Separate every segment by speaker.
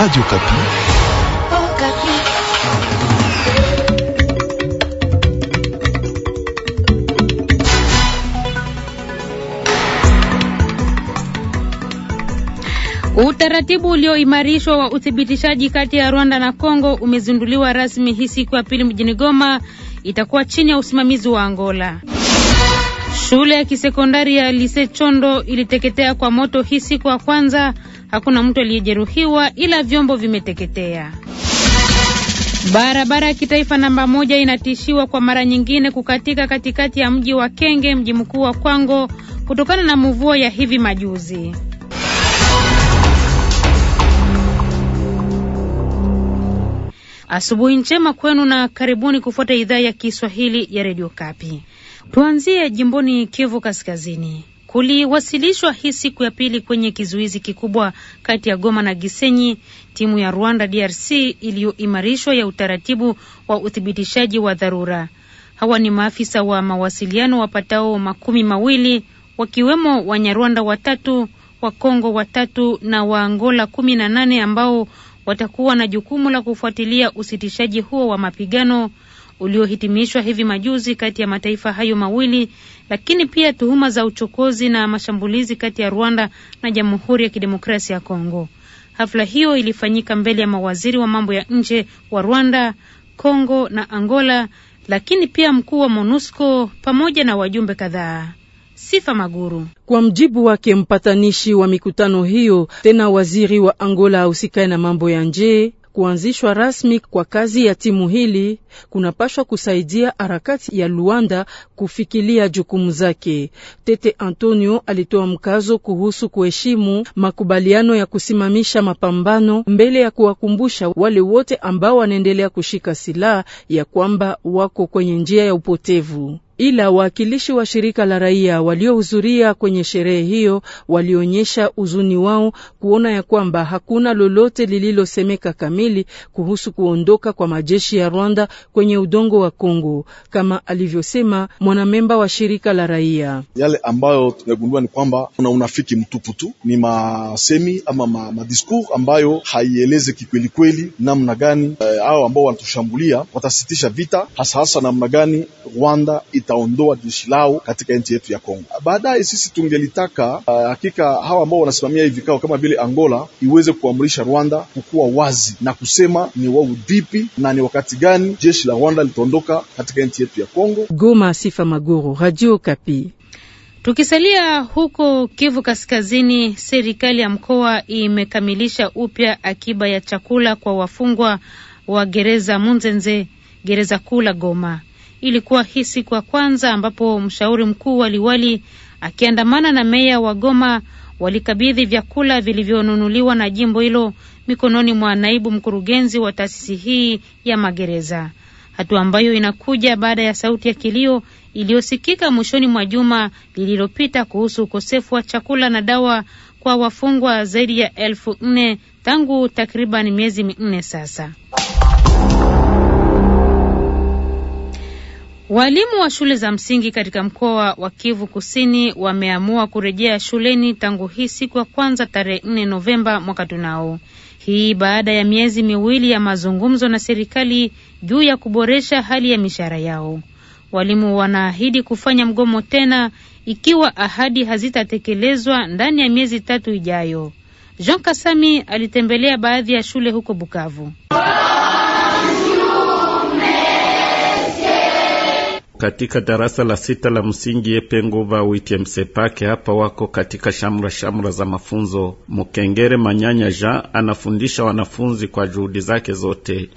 Speaker 1: Radio Kapi.
Speaker 2: Utaratibu ulioimarishwa wa uthibitishaji kati ya Rwanda na Kongo umezinduliwa rasmi hii siku ya pili mjini Goma, itakuwa chini ya usimamizi wa Angola. Shule ya kisekondari ya Lise Chondo iliteketea kwa moto hii siku ya kwanza. Hakuna mtu aliyejeruhiwa ila vyombo vimeteketea. Barabara ya kitaifa namba moja inatishiwa kwa mara nyingine kukatika katikati ya mji wa Kenge, mji mkuu wa Kwango, kutokana na mvua ya hivi majuzi. Asubuhi njema kwenu na karibuni kufuata idhaa ya Kiswahili ya Radio Kapi. Tuanzie jimboni Kivu Kaskazini. Kuliwasilishwa hii siku ya pili kwenye kizuizi kikubwa kati ya Goma na Gisenyi timu ya Rwanda DRC iliyoimarishwa ya utaratibu wa uthibitishaji wa dharura. Hawa ni maafisa wa mawasiliano wapatao makumi mawili wakiwemo Wanyarwanda watatu, Wakongo watatu na Waangola kumi na nane ambao watakuwa na jukumu la kufuatilia usitishaji huo wa mapigano uliohitimishwa hivi majuzi kati ya mataifa hayo mawili, lakini pia tuhuma za uchokozi na mashambulizi kati ya Rwanda na Jamhuri ya Kidemokrasia ya Kongo. Hafla hiyo ilifanyika mbele ya mawaziri wa mambo ya nje wa Rwanda, Kongo na Angola, lakini pia mkuu wa MONUSCO pamoja na wajumbe kadhaa. Sifa Maguru.
Speaker 3: Kwa mjibu wake mpatanishi wa mikutano hiyo, tena waziri wa Angola ahusikaye na mambo ya nje Kuanzishwa rasmi kwa kazi ya timu hili kunapashwa kusaidia harakati ya Luanda kufikilia jukumu zake. Tete Antonio alitoa mkazo kuhusu kuheshimu makubaliano ya kusimamisha mapambano mbele ya kuwakumbusha wale wote ambao wanaendelea kushika silaha ya kwamba wako kwenye njia ya upotevu ila wawakilishi wa shirika la raia waliohudhuria kwenye sherehe hiyo walionyesha uzuni wao kuona ya kwamba hakuna lolote lililosemeka kamili kuhusu kuondoka kwa majeshi ya Rwanda kwenye udongo wa Kongo, kama alivyosema mwanamemba wa shirika la raia.
Speaker 1: Yale ambayo tumegundua ni kwamba kuna unafiki mtupu tu, ni masemi ama ma, madiskur ambayo haieleze kikwelikweli namna gani eh, ambao wanatushambulia watasitisha vita, hasahasa namna gani Rwanda itaondoa jeshi lao katika nchi yetu ya Kongo. Baadaye sisi tungelitaka uh, hakika hawa ambao wanasimamia hivi vikao kama vile Angola iweze kuamrisha Rwanda kukuwa wazi na kusema ni wao vipi na ni wakati gani jeshi la Rwanda litaondoka katika nchi yetu ya Kongo.
Speaker 3: Goma, Sifa Maguru, Radio Kapi.
Speaker 2: Tukisalia huko Kivu Kaskazini, serikali ya mkoa imekamilisha upya akiba ya chakula kwa wafungwa wa gereza Munzenze, gereza kuu la Goma. Ilikuwa hii siku ya kwanza ambapo mshauri mkuu wa liwali akiandamana na meya wa Goma walikabidhi vyakula vilivyonunuliwa na jimbo hilo mikononi mwa naibu mkurugenzi wa taasisi hii ya magereza, hatua ambayo inakuja baada ya sauti ya kilio iliyosikika mwishoni mwa juma lililopita kuhusu ukosefu wa chakula na dawa kwa wafungwa zaidi ya elfu nne tangu takriban miezi minne sasa. Walimu wa shule za msingi katika mkoa wa Kivu Kusini wameamua kurejea shuleni tangu hii siku ya kwanza tarehe 4 Novemba mwaka tunao. Hii baada ya miezi miwili ya mazungumzo na serikali juu ya kuboresha hali ya mishahara yao. Walimu wanaahidi kufanya mgomo tena ikiwa ahadi hazitatekelezwa ndani ya miezi tatu ijayo. Jean Kasami alitembelea baadhi ya shule huko Bukavu.
Speaker 4: katika darasa la sita la msingi nguva witi Msepake. Hapa wako katika shamra shamra za mafunzo. Mukengere Manyanya Jean anafundisha wanafunzi kwa juhudi zake zote.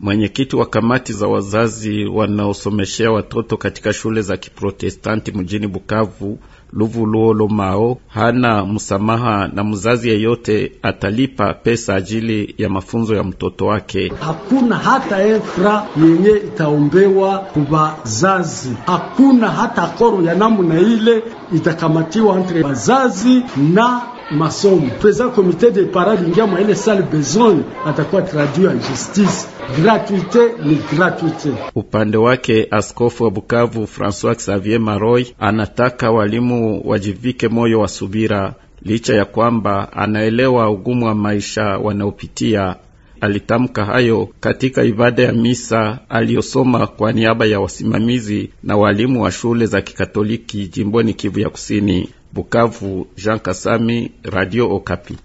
Speaker 4: Mwenyekiti wa kamati za wazazi wanaosomeshea watoto katika shule za Kiprotestanti mjini Bukavu Luvuluo Lomao hana msamaha na mzazi yeyote atalipa pesa ajili ya mafunzo ya mtoto wake.
Speaker 1: Hakuna hata efra yenye itaombewa kubazazi, hakuna hata koru ya namna ile itakamatiwa entre bazazi na masomo. President comité de parade lingia mwa ile sale besoin atakuwa traduit en justice. Gratuite ni gratuite.
Speaker 4: Upande wake askofu wa Bukavu françois Xavier Maroy anataka walimu wajivike moyo wa subira licha ya kwamba anaelewa ugumu wa maisha wanaopitia. Alitamka hayo katika ibada ya misa aliyosoma kwa niaba ya wasimamizi na walimu wa shule za Kikatoliki jimboni Kivu ya Kusini. Bukavu, Jean Kasami, Radio Okapi.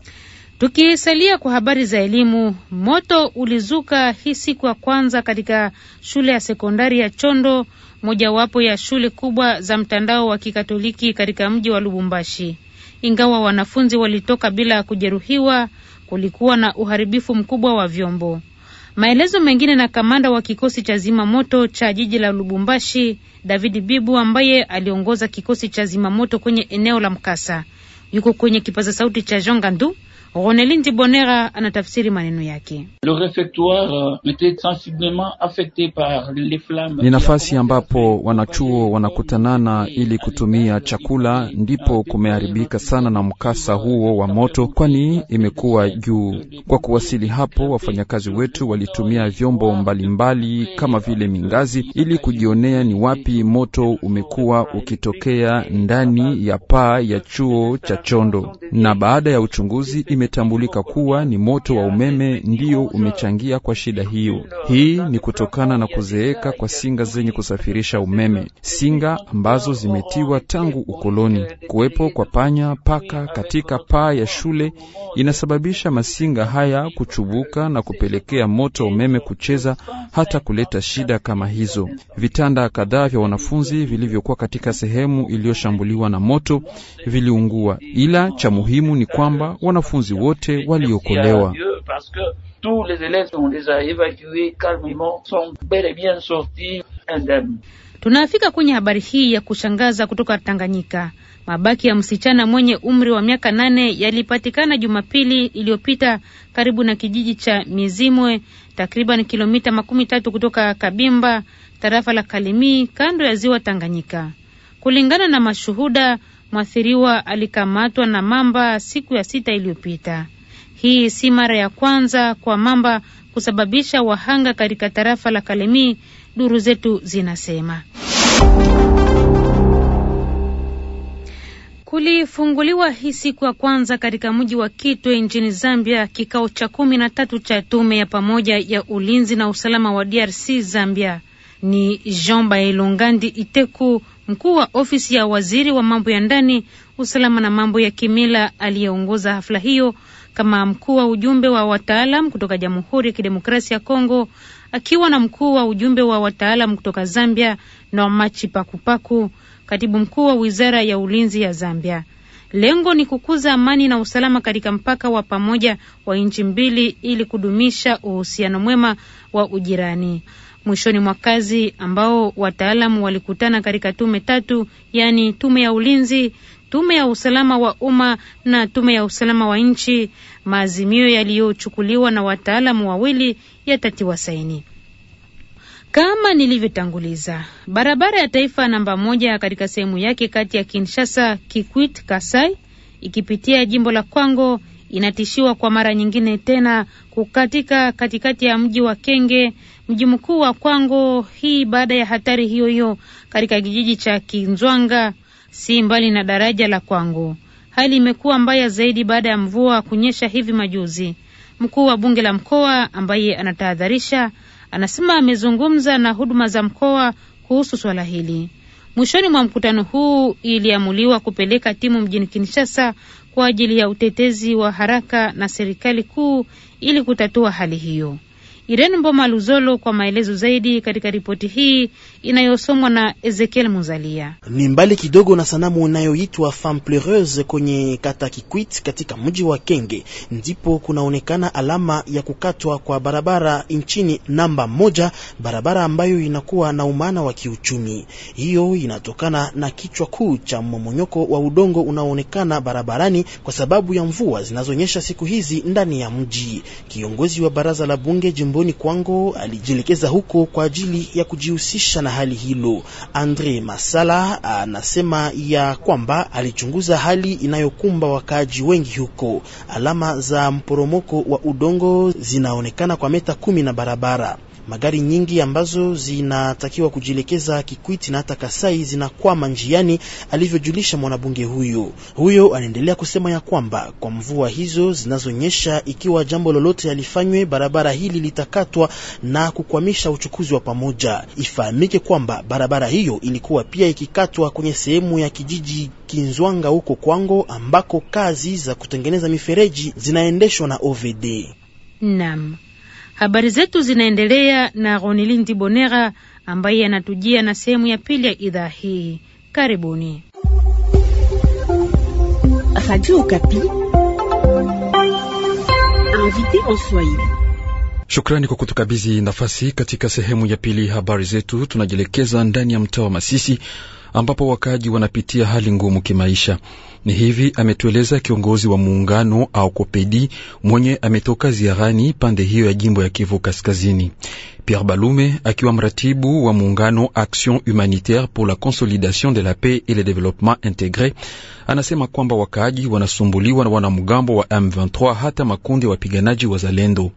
Speaker 2: Tukisalia kwa habari za elimu, moto ulizuka hii siku ya kwanza katika shule ya sekondari ya Chondo, mojawapo ya shule kubwa za mtandao wa Kikatoliki katika mji wa Lubumbashi. Ingawa wanafunzi walitoka bila kujeruhiwa, kulikuwa na uharibifu mkubwa wa vyombo. Maelezo mengine na kamanda wa kikosi cha zimamoto cha jiji la Lubumbashi, David Bibu, ambaye aliongoza kikosi cha zimamoto kwenye eneo la mkasa, yuko kwenye kipaza sauti cha Jean Gandu. Ronelin Tibonera anatafsiri maneno yake. Euh, ni nafasi
Speaker 5: ambapo wanachuo wanakutanana ili kutumia chakula, ndipo kumeharibika sana na mkasa huo wa moto, kwani imekuwa juu. Kwa kuwasili hapo, wafanyakazi wetu walitumia vyombo mbalimbali mbali, kama vile mingazi ili kujionea ni wapi moto umekuwa ukitokea ndani ya paa ya chuo cha Chondo, na baada ya uchunguzi ime imetambulika kuwa ni moto wa umeme ndio umechangia kwa shida hiyo. Hii ni kutokana na kuzeeka kwa singa zenye kusafirisha umeme, singa ambazo zimetiwa tangu ukoloni. Kuwepo kwa panya paka katika paa ya shule inasababisha masinga haya kuchubuka na kupelekea moto wa umeme kucheza, hata kuleta shida kama hizo. Vitanda kadhaa vya wanafunzi vilivyokuwa katika sehemu iliyoshambuliwa na moto viliungua, ila cha muhimu ni kwamba wanafunzi wanafunzi wote waliokolewa.
Speaker 2: Tunafika kwenye habari hii ya kushangaza kutoka Tanganyika. Mabaki ya msichana mwenye umri wa miaka nane yalipatikana Jumapili iliyopita karibu na kijiji cha Mizimwe, takriban kilomita makumi tatu kutoka Kabimba, tarafa la Kalemie, kando ya ziwa Tanganyika. Kulingana na mashuhuda, Mwathiriwa alikamatwa na mamba siku ya sita iliyopita. Hii si mara ya kwanza kwa mamba kusababisha wahanga katika tarafa la Kalemi, duru zetu zinasema. Kulifunguliwa hii siku ya kwanza katika mji wa Kitwe nchini Zambia kikao cha kumi na tatu cha tume ya pamoja ya ulinzi na usalama wa DRC Zambia. Ni Jean Bailongandi Iteku Mkuu wa ofisi ya waziri wa mambo ya ndani, usalama na mambo ya kimila aliyeongoza hafla hiyo kama mkuu wa ujumbe wa wataalam kutoka Jamhuri ya Kidemokrasia ya Kongo, akiwa na mkuu wa ujumbe wa wataalam kutoka Zambia na Wamachi Pakupaku, katibu mkuu wa wizara ya ulinzi ya Zambia. Lengo ni kukuza amani na usalama katika mpaka wa pamoja wa nchi mbili ili kudumisha uhusiano mwema wa ujirani mwishoni mwa kazi ambao wataalamu walikutana katika tume tatu, yaani tume ya ulinzi, tume ya usalama wa umma na tume ya usalama wa nchi. Maazimio yaliyochukuliwa na wataalamu wawili yatatiwa saini. Kama nilivyotanguliza, barabara ya taifa namba moja katika sehemu yake kati ya Kinshasa Kikwit Kasai ikipitia jimbo la Kwango inatishiwa kwa mara nyingine tena kukatika katikati ya mji wa Kenge, mji mkuu wa Kwango, hii baada ya hatari hiyo hiyo katika kijiji cha Kinzwanga, si mbali na daraja la Kwango. Hali imekuwa mbaya zaidi baada ya mvua kunyesha hivi majuzi. Mkuu wa bunge la mkoa ambaye anatahadharisha, anasema amezungumza na huduma za mkoa kuhusu swala hili. Mwishoni mwa mkutano huu iliamuliwa kupeleka timu mjini Kinshasa kwa ajili ya utetezi wa haraka na serikali kuu ili kutatua hali hiyo. Irene Mboma Luzolo kwa maelezo zaidi katika ripoti hii inayosomwa na Ezekiel Muzalia.
Speaker 1: Ni mbali kidogo na sanamu inayoitwa Femme Pleureuse kwenye kata Kikwit katika mji wa Kenge, ndipo kunaonekana alama ya kukatwa kwa barabara nchini namba moja, barabara ambayo inakuwa na umana wa kiuchumi. Hiyo inatokana na kichwa kuu cha mmomonyoko wa udongo unaoonekana barabarani kwa sababu ya mvua zinazonyesha siku hizi ndani ya mji. Kiongozi wa baraza la bunge jimboni Kwango alijielekeza huko kwa ajili ya kujihusisha na hali hilo. Andre Masala anasema ya kwamba alichunguza hali inayokumba wakaaji wengi huko. Alama za mporomoko wa udongo zinaonekana kwa meta kumi na barabara. Magari nyingi ambazo zinatakiwa kujielekeza Kikwiti na hata Kasai zinakwama njiani, alivyojulisha mwanabunge huyu. Huyo anaendelea kusema ya kwamba kwa mvua hizo zinazonyesha, ikiwa jambo lolote alifanywe, barabara hili litakatwa na kukwamisha uchukuzi wa pamoja. Ifahamike kwamba barabara hiyo ilikuwa pia ikikatwa kwenye sehemu ya kijiji Kinzwanga huko Kwango, ambako kazi za kutengeneza mifereji zinaendeshwa na OVD.
Speaker 2: Naam. Habari zetu zinaendelea na Ronelin bonera ambaye anatujia na sehemu ya pili ya idhaa hii. Karibuni.
Speaker 5: Shukrani kwa kutukabidhi nafasi katika sehemu ya pili habari zetu. Tunajielekeza ndani ya mtaa wa Masisi ambapo wakaaji wanapitia hali ngumu kimaisha. Ni hivi ametueleza kiongozi wa muungano au Kopedi mwenye ametoka ziarani pande hiyo ya jimbo ya Kivu Kaskazini, Pierre Balume akiwa mratibu wa muungano Action Humanitaire pour la Consolidation de la Paix et le Développement Intégré. Anasema kwamba wakaaji wanasumbuliwa na wanamgambo wa M23 hata makundi ya wapiganaji zalendo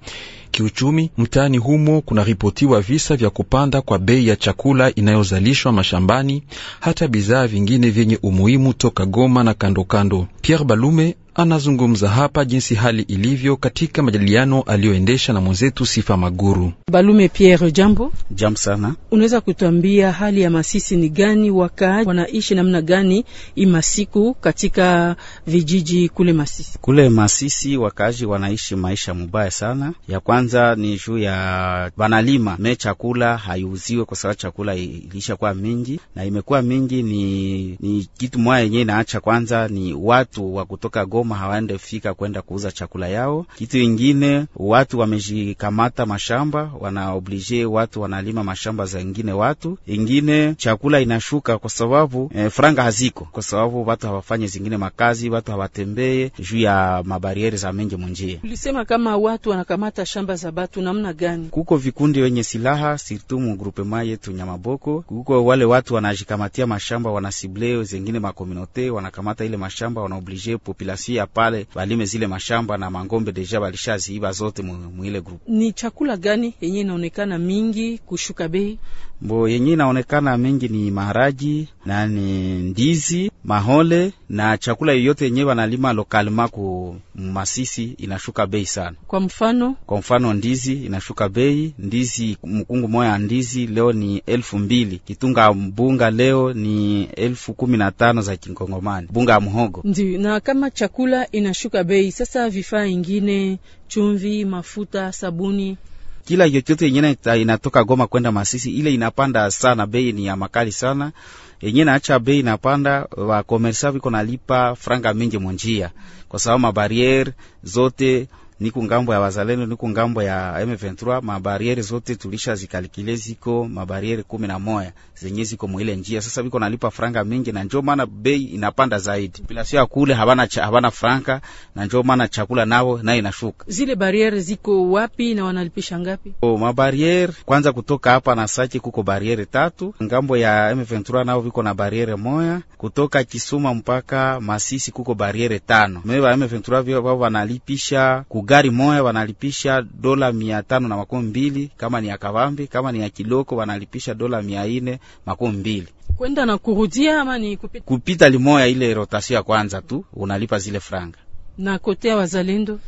Speaker 5: kiuchumi mtaani humo kunaripotiwa visa vya kupanda kwa bei ya chakula inayozalishwa mashambani hata bidhaa vingine vyenye umuhimu toka Goma na kandokando. Pierre Balume anazungumza hapa jinsi hali ilivyo katika majadiliano aliyoendesha na mwenzetu Sifa Maguru.
Speaker 3: Balume Pierre, jambo.
Speaker 5: Jambo sana.
Speaker 3: Unaweza kutuambia hali ya Masisi ni gani? Wakaaji wanaishi namna gani imasiku katika vijiji kule Masisi?
Speaker 6: Kule Masisi wakaaji wanaishi maisha mubaya sana. Ya kwanza ni juu ya banalima me chakula haiuziwe kwa sababu chakula ilishakuwa mingi na imekuwa mingi, ni, ni kitu mwaya yenyewe inaacha kwanza ni watu wa kutoka Goma Goma hawaende fika kwenda kuuza chakula yao. Kitu ingine watu wamejikamata mashamba, wanaoblige watu wanalima mashamba za ingine watu ingine, chakula inashuka kwa sababu eh, franga haziko, kwa sababu watu hawafanye zingine makazi, watu hawatembee juu ya mabariere za menje munjia.
Speaker 3: Ulisema kama watu wanakamata shamba za batu namna gani?
Speaker 6: Kuko vikundi wenye silaha sirtu mugrupema yetu Nyamaboko, kuko wale watu wanajikamatia mashamba, wanasible zingine makominote, wanakamata ile mashamba, wanaoblige population kufikia pale balime zile mashamba na mangombe deja balishaziiba zote mwile grupu.
Speaker 3: Ni chakula gani yenye inaonekana mingi kushuka bei?
Speaker 6: Mbo yenye inaonekana mingi ni maharaji na ni ndizi, mahole na chakula yoyote yenye wanalima lokalima ku Masisi inashuka bei sana.
Speaker 3: Kwa mfano,
Speaker 6: kwa mfano ndizi inashuka bei, ndizi mkungu moya ya ndizi leo ni elfu mbili, kitunga mbunga leo ni elfu kumi na tano za kingongomani, bunga ya mhogo.
Speaker 3: ndio. na kama chakula chakula inashuka bei. Sasa vifaa ingine, chumvi, mafuta, sabuni
Speaker 6: kila yochote yenye inatoka Goma kwenda Masisi ile inapanda sana, bei ni ya makali sana, yenye naacha bei inapanda. Wakomersa viko nalipa franga mingi munjia, kwa sababu mabariere zote niko ngambo ya wazalendo, niko ngambo ya M23. Mabariere zote tulisha zikalikile, ziko mabariere kumi na moya zenye ziko mwile njia. Sasa biko nalipa franga mingi, na njo maana bei inapanda zaidi, bila sio kule habana cha, habana franga, na njo maana chakula nao na inashuka.
Speaker 3: Zile bariere ziko wapi na wanalipisha ngapi?
Speaker 6: O, mabariere kwanza kutoka hapa na Sake kuko bariere tatu, ngambo ya M23 nao viko na bariere moya, kutoka Kisuma mpaka Masisi kuko bariere tano. Mimi wa M23 wao wanalipisha ku mugari moya wanalipisha dola mia tano na makumi mbili kama ni ya Kavambi, kama ni ya Kiloko wanalipisha dola mia ine makumi mbili
Speaker 3: kwenda na kurudia, ama ni kupita,
Speaker 6: kupita limoya ile rotasio ya kwanza tu unalipa zile franga
Speaker 3: na kotea wazalendo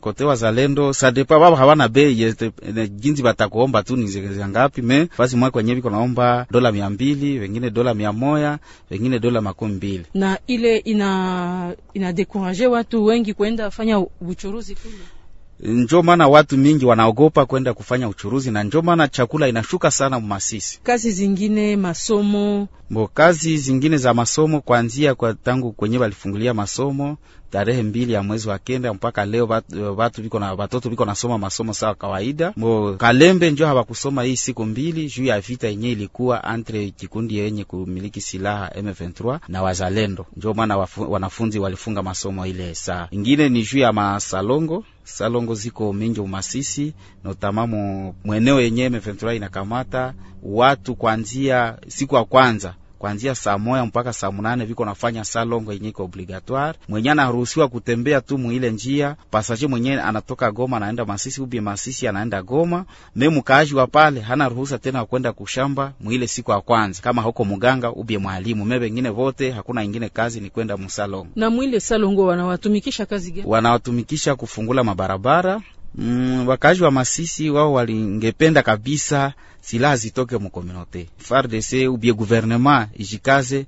Speaker 6: kote mm, wazalendo sadepa wao hawana bei jinsi batakuomba tu niziongezea ngapi. Me fasi mwa kwenye biko naomba dola mia mbili wengine dola mia moya wengine dola makumi mbili
Speaker 3: na ile ina ina dekuraje watu wengi kwenda fanya uchuruzi kule
Speaker 6: njo maana watu mingi wanaogopa kwenda kufanya uchuruzi, na njo maana chakula inashuka sana Masisi.
Speaker 3: Kazi zingine masomo,
Speaker 6: mbo kazi zingine za masomo, kuanzia kwa tangu kwenye walifungulia masomo tarehe mbili ya mwezi wa kenda mpaka leo batu biko na batoto biko nasoma masomo sawa kawaida. Mo Kalembe njo kusoma hii siku mbili juu ya vita yenye ilikuwa entre kikundi yenye kumiliki silaha M23 na wazalendo, njo maana wanafunzi walifunga masomo ile saa ingine. Ni juu ya masalongo salongo ziko mingi umasisi notamamu mweneo yenye M23 inakamata watu kwanzia siku ya kwanza kuanzia saa moya mpaka saa munane viko nafanya salongo yenye iko obligatoire. Mwenye anaruhusiwa kutembea tu mwile njia pasaje, mwenye anatoka Goma anaenda Masisi, ubie Masisi anaenda Goma. Me mkaaji wa pale hana ruhusa tena kwenda kushamba mwile siku ya kwanza, kama huko muganga ubie mwalimu. Me wengine vote hakuna ingine kazi ni kwenda musalongo.
Speaker 3: Na mwile salongo wanawatumikisha kazi gani?
Speaker 6: Wanawatumikisha kufungula mabarabara mm, wakaji wa Masisi wao walingependa kabisa silaha zitoke komunote FARDC ubie guvernema ijikaze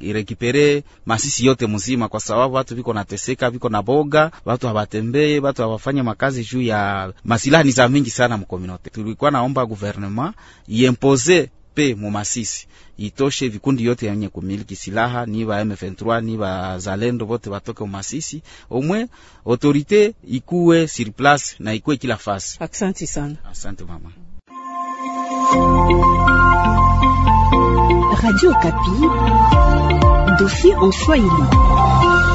Speaker 6: irekipere Masisi yote muzima kwa sababu watu viko nateseka, viko na boga, watu havatembee watu hawafanye makazi juu ya masilaha ni za mingi sana komunote. Tulikuwa naomba guvernema iempoze pe mumasisi itoshe vikundi yote yenye kumiliki silaha ni ba M23 ni ba zalendo vote watoke mumasisi, omwe autorite ikuwe sur place na ikuwe kila fasi. Asante sana. Asante mama.
Speaker 2: Radio Kapi, dossier en Swahili.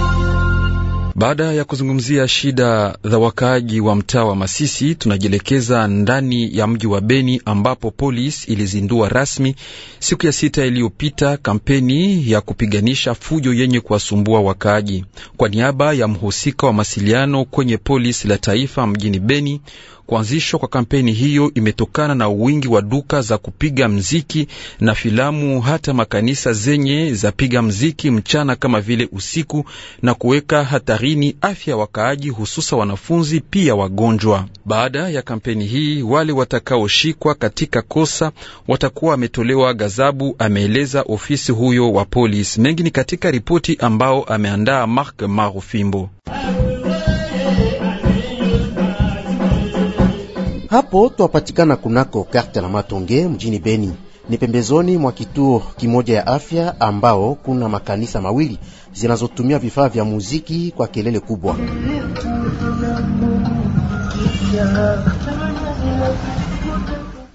Speaker 5: Baada ya kuzungumzia shida za wakaaji wa mtaa wa Masisi, tunajielekeza ndani ya mji wa Beni ambapo polisi ilizindua rasmi siku ya sita iliyopita kampeni ya kupiganisha fujo yenye kuwasumbua wakaaji. Kwa niaba ya mhusika wa masiliano kwenye polisi la taifa mjini Beni, Kuanzishwa kwa kampeni hiyo imetokana na wingi wa duka za kupiga mziki na filamu, hata makanisa zenye za piga mziki mchana kama vile usiku, na kuweka hatarini afya ya wakaaji, hususa wanafunzi, pia wagonjwa. Baada ya kampeni hii, wale watakaoshikwa katika kosa watakuwa wametolewa gazabu, ameeleza ofisi huyo wa polisi. Mengi ni katika ripoti ambao ameandaa Mark Marufimbo.
Speaker 7: Hapo twapatikana kunako karte la Matonge mjini Beni, ni pembezoni mwa kituo kimoja ya afya ambao kuna makanisa mawili zinazotumia vifaa vya muziki kwa kelele kubwa.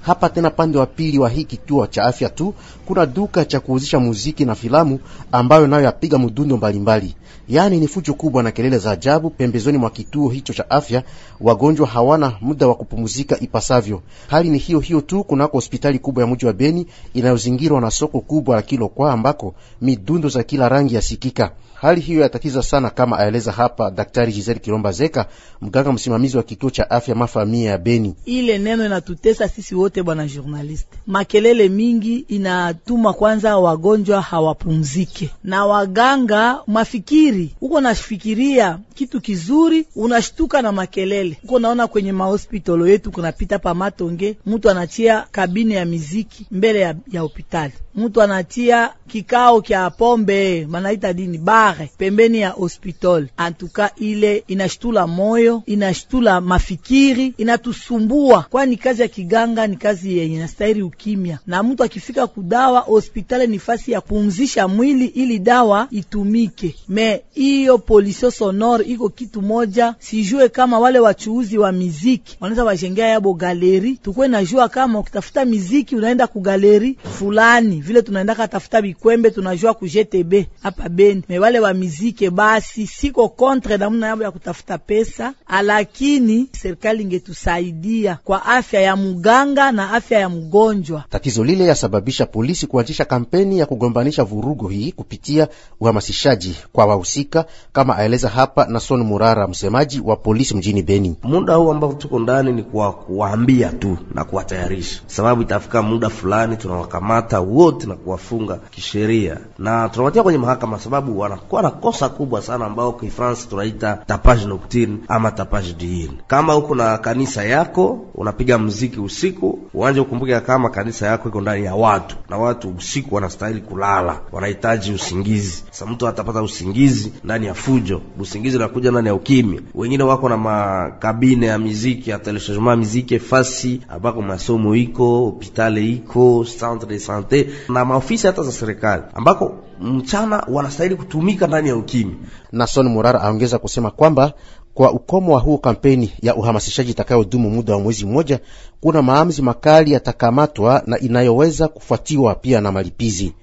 Speaker 7: Hapa tena pande wa pili wa hii kituo cha afya tu kuna duka cha kuuzisha muziki na filamu ambayo nayo yapiga mudundo mbalimbali yaani ni fujo kubwa na kelele za ajabu pembezoni mwa kituo hicho cha afya. Wagonjwa hawana muda wa kupumzika ipasavyo. Hali ni hiyo hiyo tu kunako hospitali kubwa ya mji wa Beni inayozingirwa na soko kubwa la Kilokwa ambako midundo za kila rangi yasikika. Hali hiyo yatatiza sana, kama aeleza hapa Daktari Giselle Kiromba Zeka, mganga msimamizi wa kituo cha afya mafamia ya Beni.
Speaker 8: Ile neno inatutesa sisi wote bwana journaliste, makelele mingi inatuma kwanza wagonjwa hawapumzike na waganga mafikiri, uko nafikiria kitu kizuri, unashtuka na makelele. Uko naona kwenye mahospitalo yetu kunapita pa matonge, mtu anachia kabine ya miziki mbele ya, ya hopitali, mtu anatia kikao kya pombe manaita dini ba mare pembeni ya hospitali. Antuka ile inashtula moyo, inashtula mafikiri, inatusumbua, kwani kazi ya kiganga ni kazi yenye inastahili ukimya, na mtu akifika kudawa hospitali ni fasi ya pumzisha mwili ili dawa itumike. Me hiyo polisio sonore iko kitu moja, sijue kama wale wachuuzi wa miziki wanaweza wajengea yabo galeri, tukwe najua kama ukitafuta miziki unaenda kugaleri fulani, vile tunaenda tafuta bikwembe tunajua ku GTB hapa Beni me wale wa mizike basi siko kontre namna yabo ya kutafuta pesa, alakini serikali ingetusaidia kwa afya ya muganga na afya ya mgonjwa.
Speaker 7: Tatizo lile yasababisha polisi kuanzisha kampeni ya kugombanisha vurugo hii kupitia uhamasishaji kwa wahusika, kama aeleza hapa Nason Murara, msemaji wa polisi mjini Beni. Muda huu ambao tuko ndani ni kwa kuwaambia tu na kuwatayarisha, sababu itafika muda fulani tunawakamata wote na kuwafunga kisheria na tunawatia kwenye mahakama sababu wana kulikuwa na kosa kubwa sana ambao kwa France tunaita tapage nocturne ama tapage diurne. Kama uko na kanisa yako unapiga mziki usiku, uanze ukumbuke kama kanisa yako iko ndani ya watu na watu usiku wanastahili kulala, wanahitaji usingizi. Sasa mtu atapata usingizi ndani ya fujo, usingizi unakuja ndani ya ukimya. Wengine wako na makabine ya miziki ya teleshajema miziki fasi ambako masomo iko, hopitale iko, centre de sante na maofisi hata za serikali ambako mchana wanastahili kutumika ndani ya ukimi. Nason Murara aongeza kusema kwamba kwa ukomo wa huo kampeni ya uhamasishaji itakayodumu muda wa mwezi mmoja, kuna maamuzi makali yatakamatwa na inayoweza kufuatiwa pia na malipizi.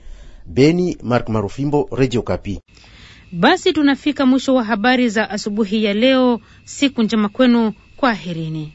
Speaker 7: Beni, Mark Marufimbo, Radio Kapi.
Speaker 2: Basi tunafika mwisho wa habari za asubuhi ya leo. Siku njema kwenu, kwa aherini